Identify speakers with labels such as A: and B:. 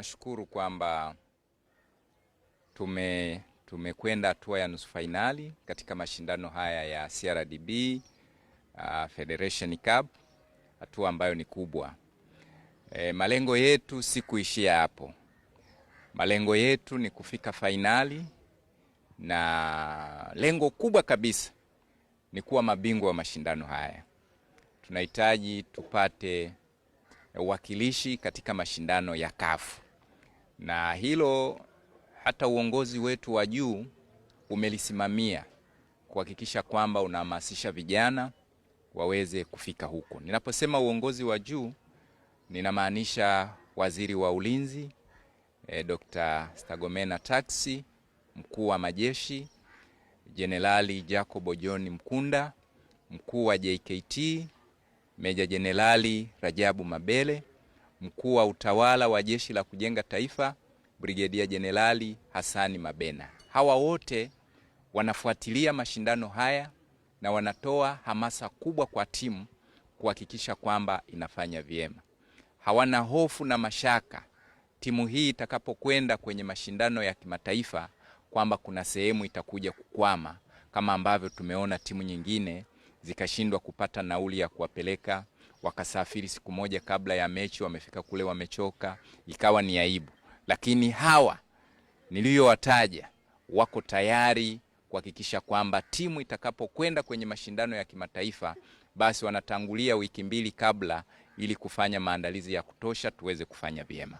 A: Nashukuru kwamba tume tumekwenda hatua ya nusu fainali katika mashindano haya ya CRDB uh, Federation Cup, hatua ambayo ni kubwa. E, malengo yetu si kuishia hapo. Malengo yetu ni kufika fainali na lengo kubwa kabisa ni kuwa mabingwa wa mashindano haya. Tunahitaji tupate uwakilishi katika mashindano ya kafu na hilo hata uongozi wetu wa juu umelisimamia kuhakikisha kwamba unahamasisha vijana waweze kufika huko. Ninaposema uongozi wa juu ninamaanisha waziri wa ulinzi e, eh, Dr. Stagomena Tax, mkuu wa majeshi Jenerali Jacobo John Mkunda, mkuu wa JKT Meja Jenerali Rajabu Mabele mkuu wa utawala wa Jeshi la Kujenga Taifa Brigedia Jenerali Hasani Mabena. Hawa wote wanafuatilia mashindano haya na wanatoa hamasa kubwa kwa timu kuhakikisha kwamba inafanya vyema. Hawana hofu na mashaka timu hii itakapokwenda kwenye mashindano ya kimataifa kwamba kuna sehemu itakuja kukwama, kama ambavyo tumeona timu nyingine zikashindwa kupata nauli ya kuwapeleka wakasafiri siku moja kabla ya mechi, wamefika kule wamechoka, ikawa ni aibu. Lakini hawa niliyowataja wako tayari kuhakikisha kwamba timu itakapokwenda kwenye mashindano ya kimataifa, basi wanatangulia wiki mbili kabla, ili kufanya maandalizi ya kutosha tuweze kufanya vyema.